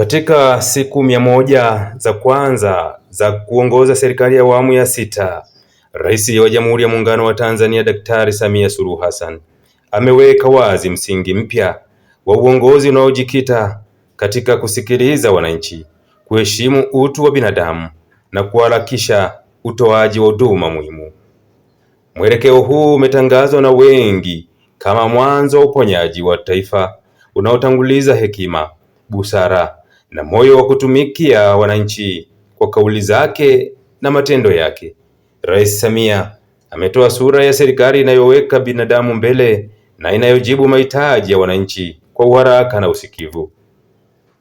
Katika siku mia moja za kwanza za kuongoza serikali ya awamu ya sita, Rais wa Jamhuri ya Muungano wa Tanzania Daktari Samia Suluhu Hassan ameweka wazi msingi mpya wa uongozi unaojikita katika kusikiliza wananchi, kuheshimu utu wa binadamu na kuharakisha utoaji wa huduma muhimu. Mwelekeo huu umetangazwa na wengi kama mwanzo wa uponyaji wa taifa unaotanguliza hekima, busara na moyo wa kutumikia wananchi kwa kauli zake na matendo yake. Rais Samia ametoa sura ya serikali inayoweka binadamu mbele na inayojibu mahitaji ya wananchi kwa uharaka na usikivu.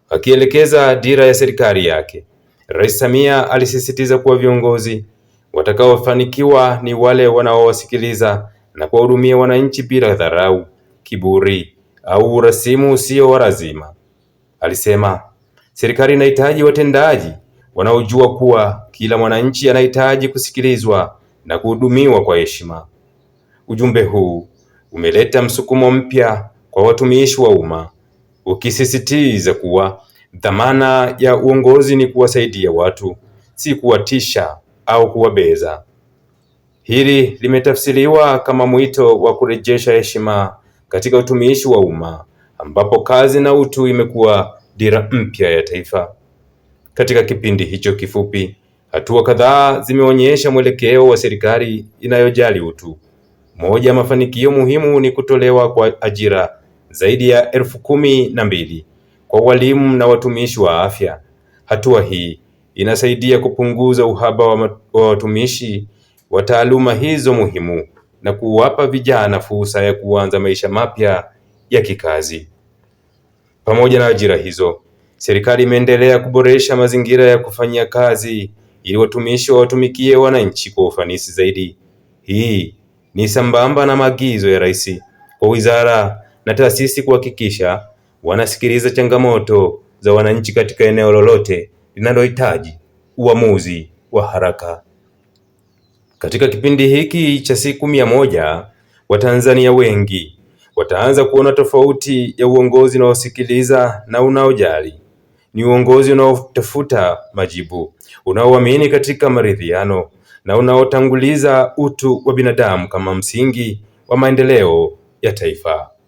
Akielekeza dira ya serikali yake, Rais Samia alisisitiza kuwa viongozi watakaofanikiwa ni wale wanaowasikiliza na kuwahudumia wananchi bila dharau, kiburi au urasimu usio wa lazima. Alisema Serikali inahitaji watendaji wanaojua kuwa kila mwananchi anahitaji kusikilizwa na kuhudumiwa kwa heshima. Ujumbe huu umeleta msukumo mpya kwa watumishi wa umma, ukisisitiza kuwa dhamana ya uongozi ni kuwasaidia watu, si kuwatisha au kuwabeza. Hili limetafsiriwa kama mwito wa kurejesha heshima katika utumishi wa umma, ambapo kazi na utu imekuwa dira mpya ya taifa. Katika kipindi hicho kifupi, hatua kadhaa zimeonyesha mwelekeo wa serikali inayojali utu. Moja ya mafanikio muhimu ni kutolewa kwa ajira zaidi ya elfu kumi na mbili kwa walimu na watumishi wa afya. Hatua hii inasaidia kupunguza uhaba wa watumishi wa taaluma hizo muhimu na kuwapa vijana fursa ya kuanza maisha mapya ya kikazi. Pamoja na ajira hizo, serikali imeendelea kuboresha mazingira ya kufanyia kazi ili watumishi wawatumikie wananchi kwa ufanisi zaidi. Hii ni sambamba na maagizo ya Rais kwa wizara na taasisi kuhakikisha wanasikiliza changamoto za wananchi katika eneo lolote linalohitaji uamuzi wa haraka. Katika kipindi hiki cha siku mia moja, Watanzania wengi wataanza kuona tofauti ya uongozi unaosikiliza na unaojali. Ni uongozi unaotafuta majibu, unaoamini katika maridhiano na unaotanguliza utu wa binadamu kama msingi wa maendeleo ya taifa.